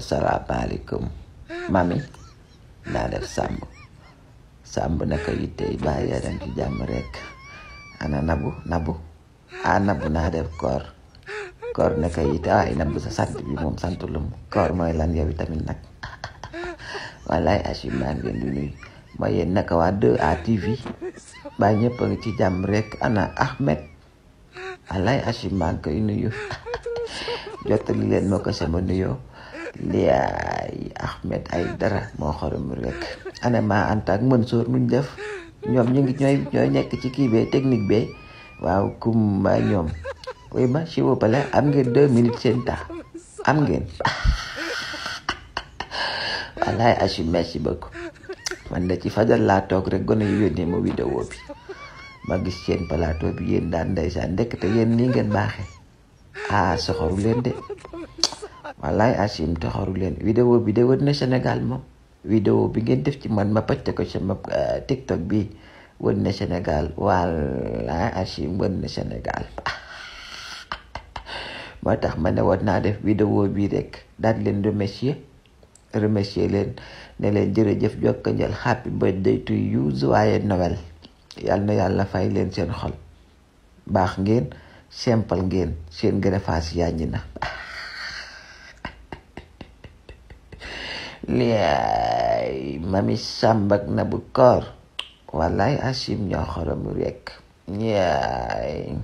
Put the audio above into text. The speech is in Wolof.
Assalamualaikum, ah, mami naa sambo, sambo sàmb naka yittey bàyyi yaram ci jàmm ana nabu nabu ana nabu naa kor, kor koor naka yitte waaye ah, nabu sa sant bi moom santulum kor mooy lan ah. ya tamit nag wallaay achi maa ngeen di nuyu naka waa 2A TV ba ñëpp ci rek ana Ahmed wallaay achi maa inuyu koy nuyu jottali leen sama Ndiaye Ahmed Aïdara moo xorom mu lekk anama Anta ak Mansour nuñ def ñoom ñu ngi ñooy ñooy nekk ci kii bee technique bee waaw kumba ñoom oui ma s'il vous plaît am ngeen deux minutes seen temps am ngeen wallaay asu merci beaucoup man da ci fajar laa toog rek gone yu yónnee ma vidéo bi ma gis seen plateau bi yéen daan ndeysaan ndekk te yéen nii ngeen baaxee ah soxoru de wallaay Hachim taxaru leen vidéo bi de wër na Sénégal moom vidéo bi ngeen def ci man ma pacte ko ma euh, TikTok bi wër na Sénégal wallaay Hachim wër na Sénégal moo tax ma ne war naa def vidéo bi rek daal leen remercier remercier leen ne leen jërëjëf jokka njël happy birthday to you joyeux Noël yal na yàlla fay leen seen xol baax ngeen simple ngeen seen greffage yàññi na Mami sambak na bukar. Walay asim niya karamurek. Yay.